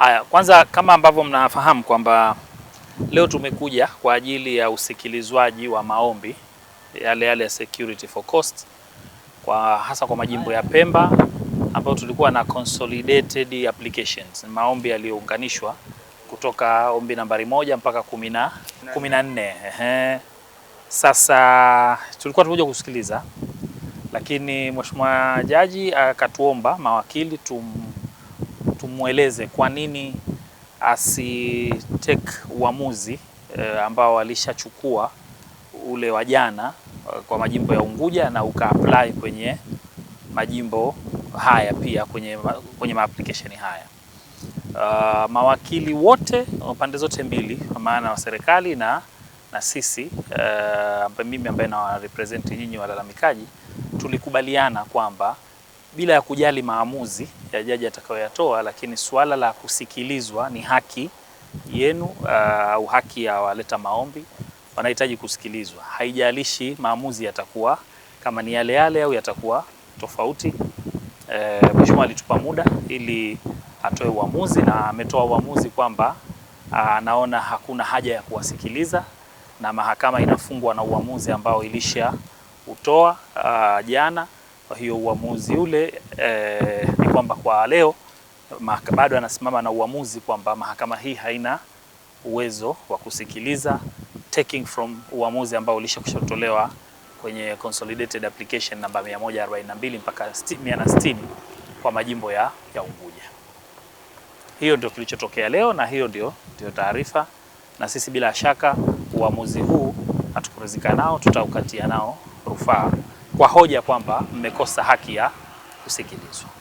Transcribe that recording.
Haya, kwanza kama ambavyo mnafahamu kwamba leo tumekuja kwa ajili ya usikilizwaji wa maombi yale yale security for cost kwa hasa kwa majimbo ya Pemba ambayo tulikuwa na consolidated applications, maombi yaliyounganishwa kutoka ombi nambari moja mpaka kumi na nne. Ehe. Sasa tulikuwa tumekuja kusikiliza, lakini mheshimiwa jaji akatuomba mawakili tum tumweleze kwa nini asiteke uamuzi e, ambao alishachukua ule wa jana eh, kwa majimbo ya Unguja na apply kwenye majimbo haya pia kwenye, kwenye maaplikesheni haya. Uh, mawakili wote wa pande zote mbili kwa maana wa serikali na, na sisi uh, mimi ambaye nawarepresent nyinyi walalamikaji tulikubaliana kwamba bila ya kujali maamuzi ya jaji atakayoyatoa, lakini suala la kusikilizwa ni haki yenu uh, au uh, haki ya waleta maombi wanahitaji kusikilizwa, haijalishi maamuzi yatakuwa kama ni yale yale au yatakuwa tofauti. E, mheshimiwa alitupa muda ili atoe uamuzi na ametoa uamuzi kwamba uh, anaona hakuna haja ya kuwasikiliza na mahakama inafungwa na uamuzi ambao ilisha utoa uh, jana. Kwa hiyo uamuzi ule eh, ni kwamba kwa leo bado anasimama na uamuzi kwamba mahakama hii haina uwezo wa kusikiliza taking from uamuzi ambao ulishakushatolewa kwenye consolidated application namba 142 mpaka 160 kwa majimbo ya, ya Unguja. Hiyo ndio kilichotokea leo na hiyo ndio ndio taarifa, na sisi bila shaka uamuzi huu hatukuridhika nao, tutaukatia nao rufaa kwa hoja kwamba mmekosa haki ya kusikilizwa.